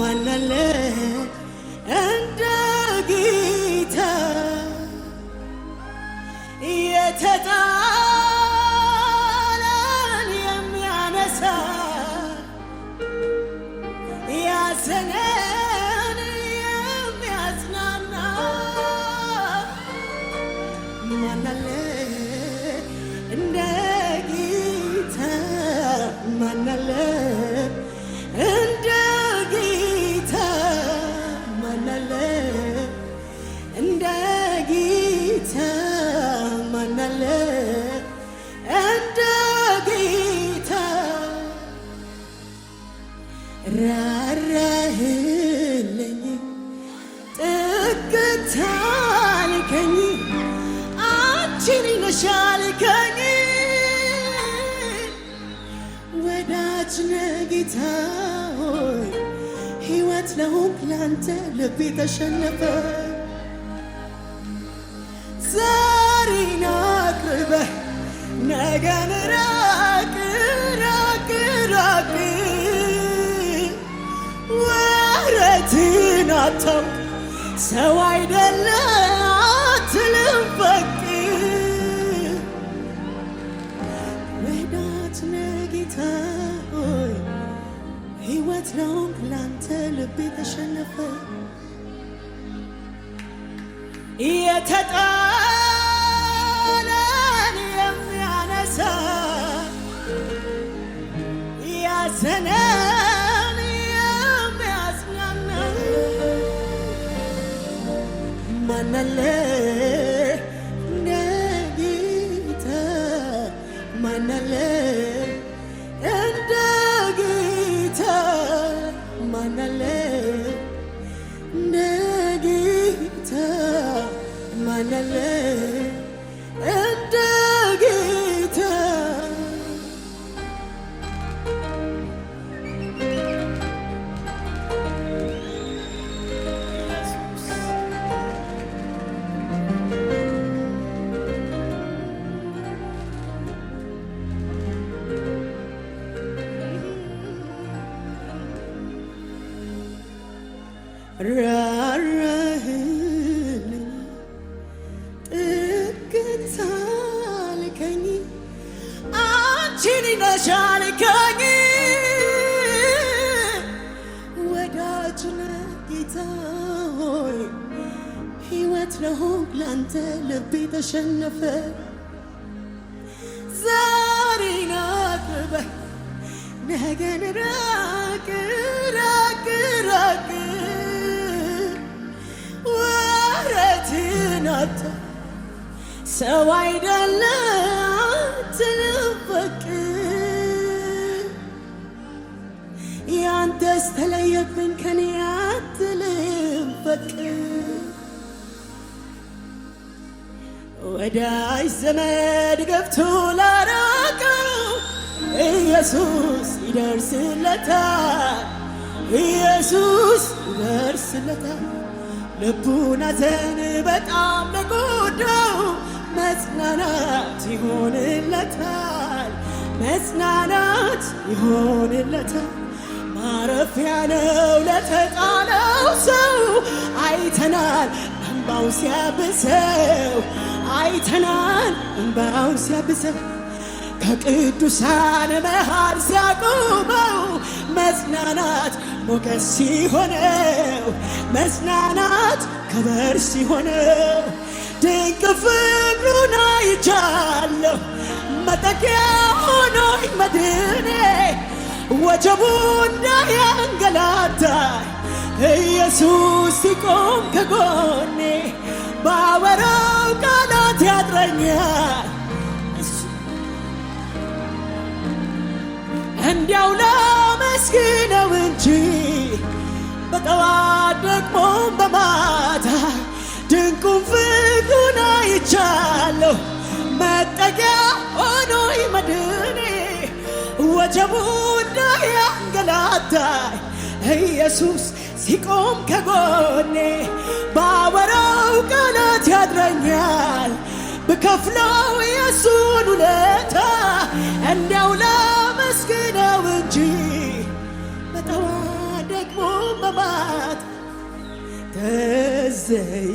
ማናለ እንደ ጌታ የተጣ ጌታ ሆይ ሕይወት ለሁም ላንተ ልቤ ተሸነፈ። ዛሬን አቅርበህ ነገን ራቅ ራቅ ራቅ ወረትን አታውቅ ሰው አይደለ አትልም በቅ ረዳት ነህ ጌታ እውነት ነው ላንተ ልቤ ተሸነፈ የተጣ ራራህልኝ ጥግን ሳልከኝ አንቺን ጌታ ሆይ ሕይወት ላንተ ልቤ ተሸነፈ ዛሬን አቅርበህ ነገን ራቅ ራቅ ራቅ አታ ሰው አይደለ ትልበቅ ያንተስ ተለየብን ከኔ አትልበቅ ወዳጅ ዘመድ ገብቶ ላራቀው ኢየሱስ ይደርስለታል ኢየሱስ ይደርስለታል ልቡን ሐዘን በጣም ለጎዳው መጽናናት ይሆንለታል፣ መጽናናት ይሆንለታል። ማረፊያ ነው ለተጣለው ሰው አይተናል እንባውን ሲያብሰው አይተናል ሲያብሰው ከቅዱሳን መሃል ሲያቆመው መጽናናት ሞገስ ሲሆነው መዝናናት ከበር ሲሆነው ድንቅ ፍቅሩን አይቻለሁ መጠጊያ ሆኖኝ መድኔ ወጀቡ እንዳያንገላታኝ ኢየሱስ ሲቆም ከጎኔ ባወራው ቃላት ያጥረኛል እንዲያው ላመስግነው እንጂ በጠዋት ደግሞ በማታ ድንቁን ፍቅሩን አይቻለሁ። መጠጊያ ሆኖኝ መድኔ ወጀቡ እንዳያንገላታኝ ኢየሱስ ሲቆም ከጎኔ ባወራው ቃላት ያድረኛል። ብከፍለው የሱን ውለታ እንዲያው ላመስግነው እንጂ ደግሞ መማት ትዝ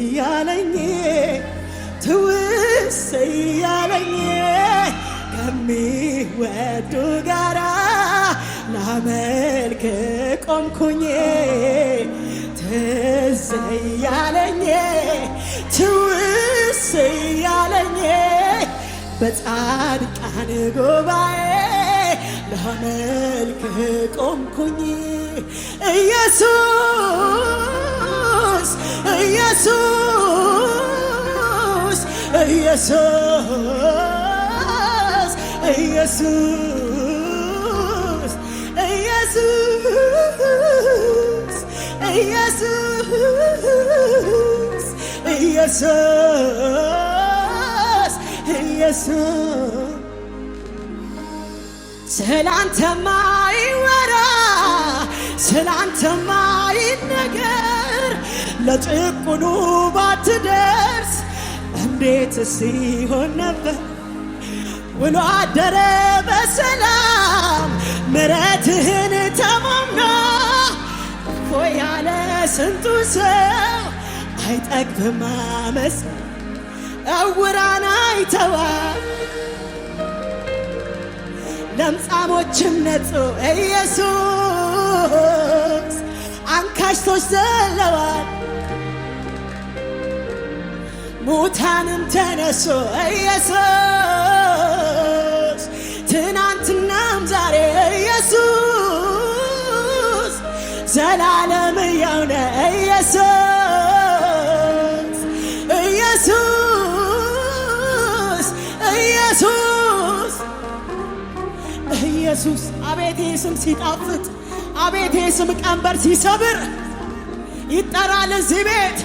እያለኝ ትውስ እያለኝ ከሚወዱ ጋራ ላመልክ ቆምኩኝ ትዝ እያለኝ ትውስ እያለኝ በጻድቃን ጉባኤ ላመልክ ቆምኩኝ ኢየሱስ ኢየሱስ ኢየሱስ ኢየሱስ ኢየሱስ ኢየሱስ ኢየሱስ ኢየሱስ ስላንተማ ይነገር ለጭቁኑ ባትደርስ እንዴት ሲሆን ነበር ውሎ አደረ በሰላም ምረትህን ተማምና እፎ ያለ ስንቱ ሰው አይጠግብም ማመፅ እውራን አይተዋል ለምጻሞችም ነጹ ኢየሱስ ኢየሱስ አንካሽቶች ዘለዋል፣ ሙታንም ተነሶ ኢየሱስ ትናንትናም ዛሬ ኢየሱስ ዘላለም ሕያው ነው። ኢየሱስ ኢየሱስ ኢየሱስ ኢየሱስ አቤት ስም ሲጣፍጥ አቤት የስም ቀንበር ሲሰብር ይጠራል እዚህ ቤት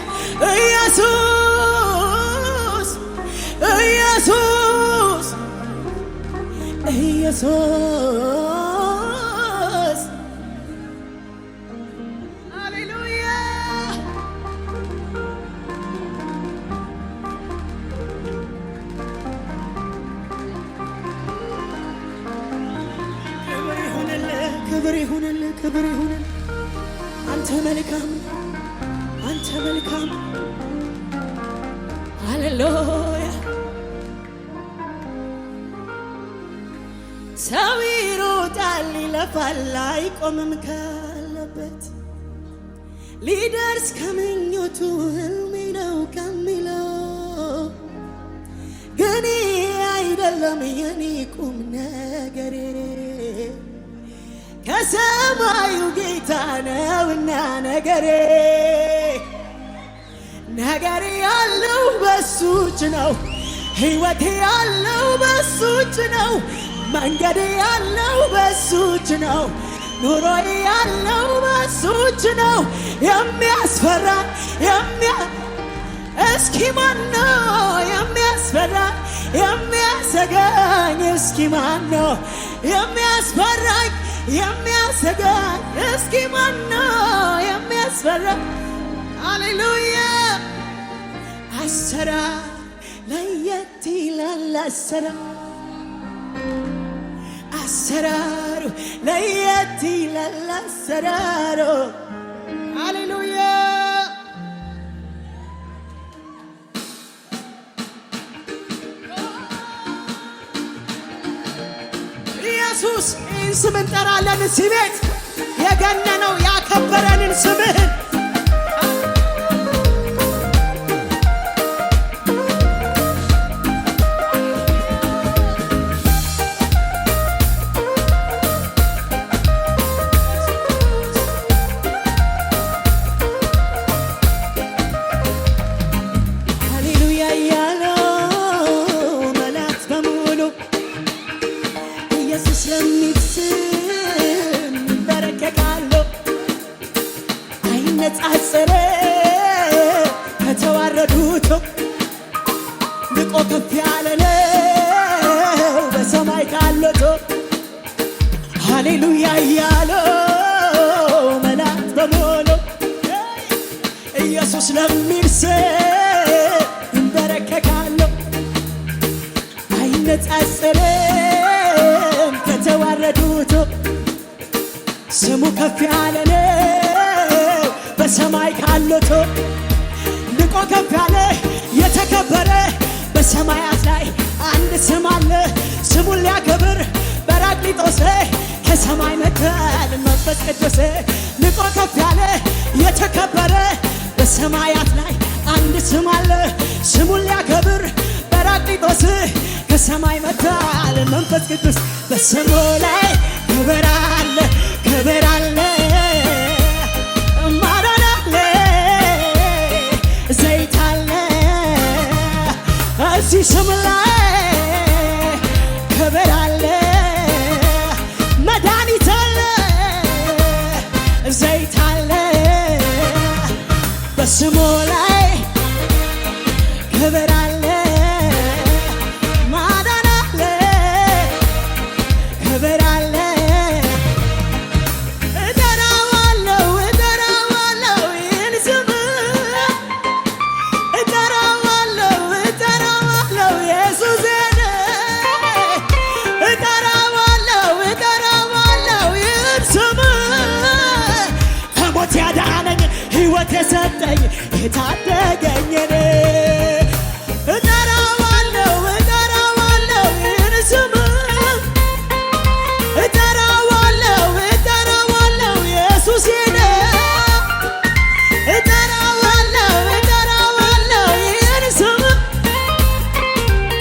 ኢየሱስ ኢየሱስ ኢየሱስ አይቆምም ካለበት ሊደርስ ከምኞቱ ህልሜ ነው ከሚለው ግን አይደለም የኔ ቁም ነገሬ ከሰማዩ ጌታ ነውና ነገሬ ነገሬ ያለው በሱ እጅ ነው። ህይወት ያለው በሱ እጅ ነው። መንገዴ ያለው በሱ እጅ ነው። ኑሮ ያለው በሱ እጅ ነው። የሚያስፈራ የሚያ እስኪ ማን ነው የሚያስፈራ የሚያሰጋኝ? እስኪ ማን ነው የሚያስፈራኝ የሚያሰጋኝ? እስኪ ማን ነው የሚያስፈራ? ሃሌሉያ አሰራ ለየት ይላል አሰራ አሰራሩ ለየት ይላል አሰራሩ። ሃሌሉያ ኢየሱስ ይህን ስም እንጠራለን። እዚህ የገነነው ያከበረንን ስምህን ያለነው በሰማይ ካለቶ ሃሌሉያ እያለው መላት በሞሎ ኢየሱስ ለሚል ስም እንበረከካለሁ። አይነጻጸርም ከተዋረዱቶ ስሙ ከፍ ያለነው በሰማይ ካለቶ ልቆ ከፍ ያለ የተከበረ በሰማያት ላይ አንድ ስም አለ ስሙን ሊያከብር ጰራቅሊጦስ ከሰማይ መጥቷል መንፈስ ቅዱስ ንቆ ከፍ ያለ የተከበረ በሰማያት ላይ አንድ ስም አለ ስሙን ሊያከብር ጰራቅሊጦስ ከሰማይ መጥቷል መንፈስ ቅዱስ በስሙ ላይ ክብር አለ ክብር አለ Shimla ሕይወት የሰጠኝ የታደገኝ እጠራዋለሁ እጠራዋለሁ ይህን ስም እጠራዋለሁ እጠራዋለሁ ኢየሱሴን እጠራዋለሁ እጠራዋለሁ ይህን ስም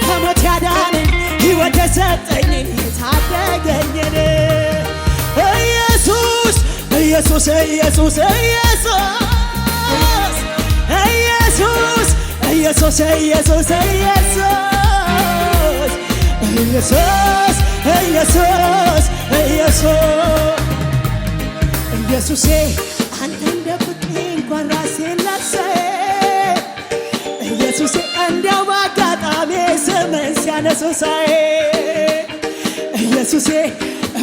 ከሞት ያዳነኝ ሕይወት የሰጠኝ የታደገኝ ኢየሱስ ኢየሱስ ኢየሱስ ኢየሱስ ኢየሱስ ኢየሱስ ኢየሱስ ኢየሱስ ኢየሱስ ኢየሱሴ አንተን ደብቄ እንኳን ራሴን ላሳይ ኢየሱሴ እንዲያው በአጋጣሚ ስምን ሲያነሱ ሳይ ኢየሱሴ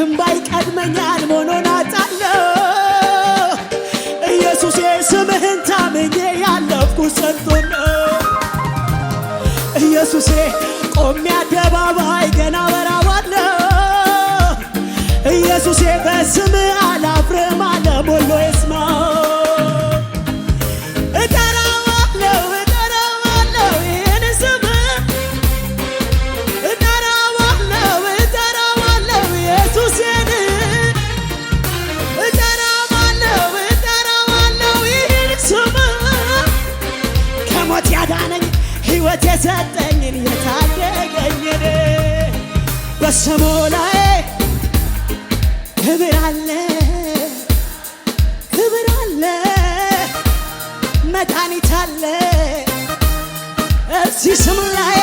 እምባይ ቀድመኛል መሆኑን አጣለሁ ኢየሱሴ ስምህን ታምኜ ያለፍኩ ሰንቶና ኢየሱሴ ቆሜ አደባባይ ገና በራባለሁ ኢየሱሴ በስም አላፍርም አለ ሞሎ ይስማ ሕይወት የሰጠኝን የታደገኝን በስሙ ላይ ክብር አለ ክብር አለ መድኃኒት አለ እዚህ ስም ላይ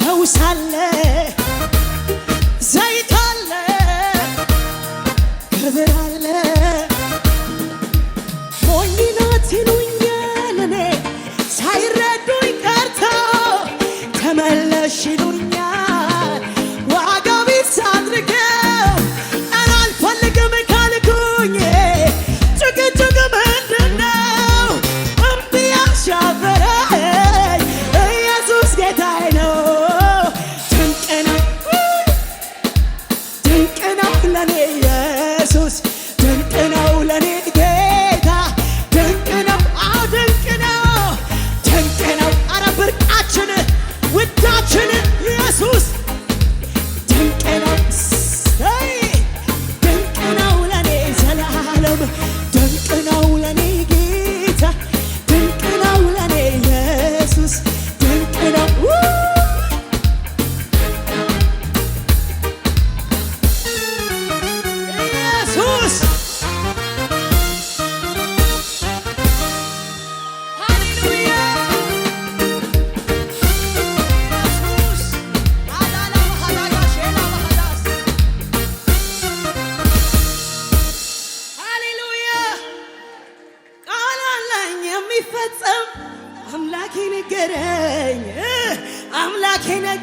ፈውስ አለ ዘይት አለ ክብር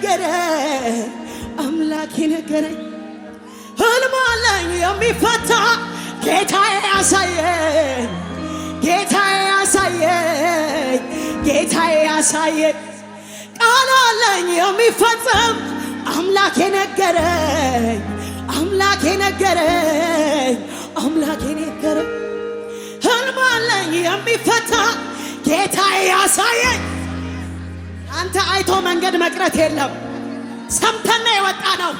ነገረኝ አምላኬ ነገረኝ ህልም አለኝ የሚፈታ ጌታዬ ያሳየኝ ጌታዬ ያሳየኝ ጌታዬ ያሳየኝ ቃል አለኝ የሚፈጸም አምላኬ ነገረኝ አምላኬ ነገረኝ አምላኬ ነገረኝ ህልም አለኝ የሚፈታ ጌታዬ ያሳየኝ አንተ አይቶ መንገድ መቅረት የለም። ሰምተና የወጣ ነው።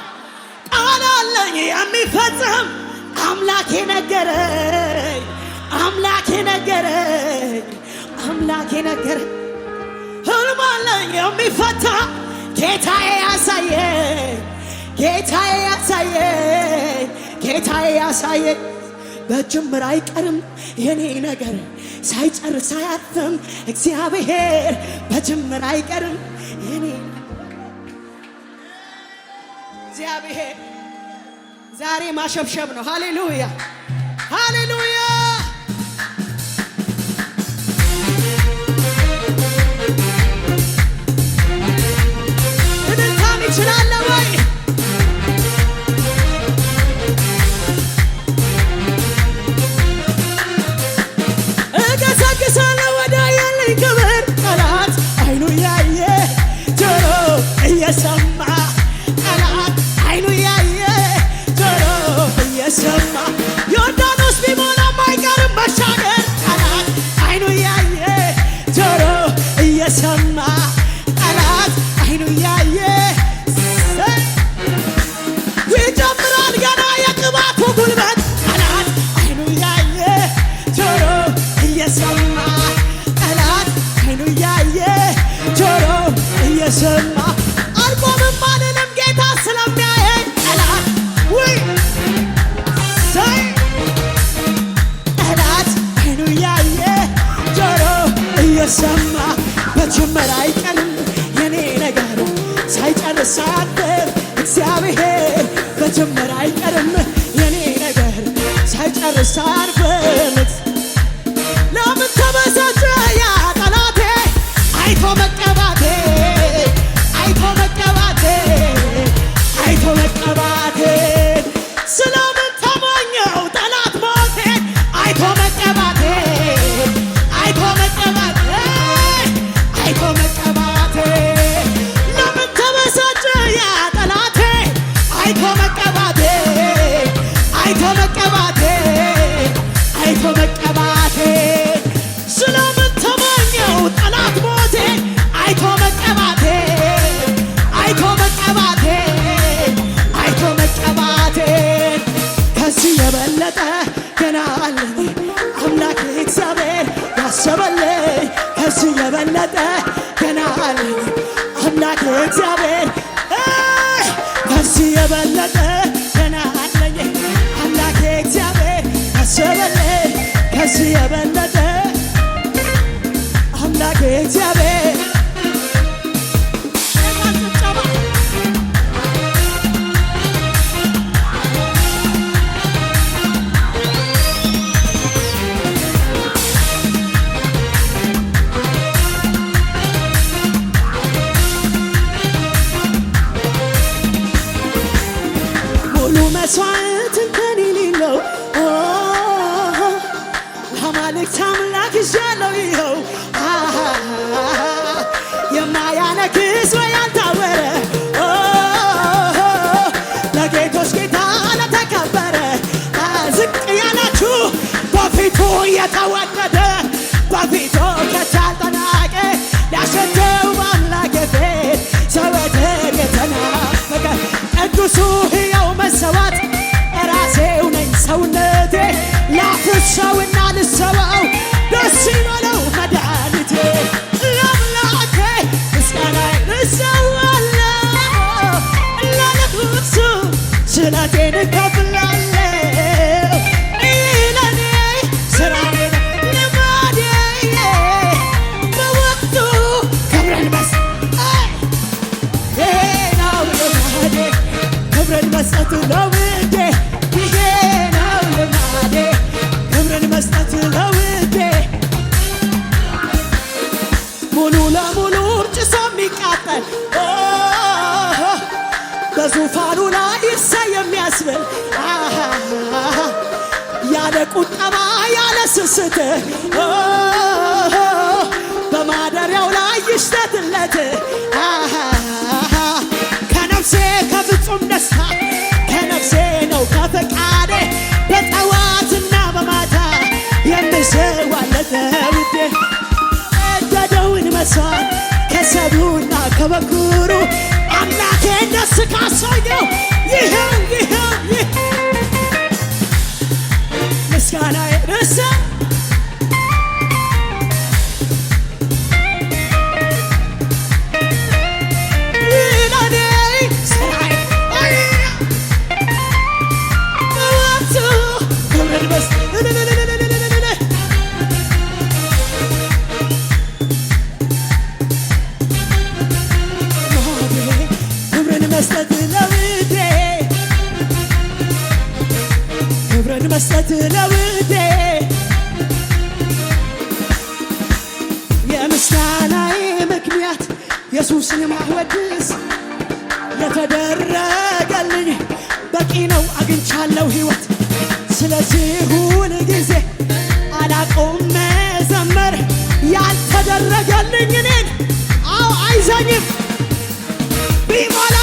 ጠወላለኝ የሚፈጽም አምላኬ ነገረኝ፣ አምላኬ ነገረኝ፣ አምላኬ ነገረኝ። አለኝ የሚፈታ ጌታዬ ያሳየኝ፣ ጌታዬ ያሳየኝ፣ ጌታዬ ያሳየኝ በጅምር አይቀርም የኔ ነገር ሳይጨር አያርፍም። እግዚአብሔር በጅምር አይቀርም የኔ እግዚአብሔር ዛሬ ማሸብሸብ ነው። ሃሌሉያ ሃሌሉያ ሳደር እግዚአብሔር መጀመር አይቀርም የኔ ነገር ሳይጨርሳር አሰበልኝ ከዚህ የበለጠ ገና አለ አምላክ እግዚአብሔር የበለጠ ገና አለኝ አምላክ እግዚአብሔር የበለጠ አምላክ እግዚአብሔር ለእርሱ ሕያው መሰዋት ራሴው ነኝ ሰውነቴ ላፍርሻውና ተውዴ እገደውን መሥዋዕት ከሰብሉና ከበኩሩ አምላኬን ደስ ካሰኘው ይኸው አዲስ የተደረገልኝ በቂ ነው አግኝቻለሁ ሕይወት ስለዚህ ሁል ጊዜ አላቆም መዘመር ያልተደረገልኝ እኔን አው አይዘኝም ቢሞላ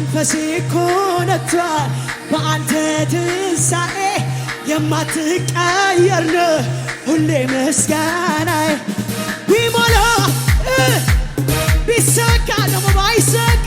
መንፈሴ እኮ በአንተ ትንሣኤ የማትቀየርን ሁሌ ምስጋናዬ ቢሞላ ቢሰካ ደግሞ ባይሰካ